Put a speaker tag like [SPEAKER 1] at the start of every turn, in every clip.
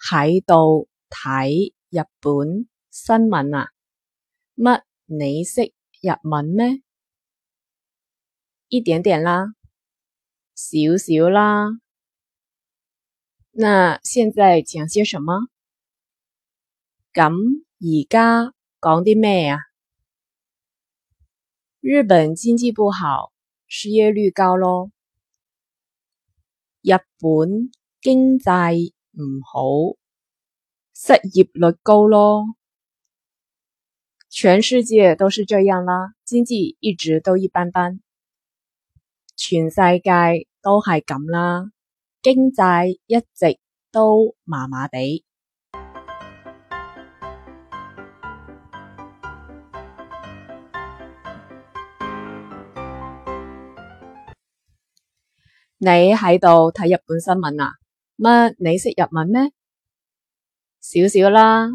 [SPEAKER 1] 喺度睇日本新聞啊？乜你識日文咩？一點點啦，少少啦。那現在講些什麼？咁而家講啲咩啊？日本經濟不好，失業率高咯。日本經濟。唔好，失業率高咯，全世界都是這樣啦，經濟一直都一般般，全世界都係咁啦，經濟一直都麻麻地。 你喺度睇日本新聞啊？乜？你識日文咩？少少啦。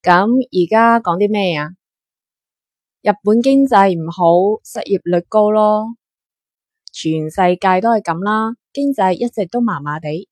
[SPEAKER 1] 咁而家講啲咩呀？日本經濟唔好，失業率高咯。全世界都係咁啦，經濟一直都麻麻地。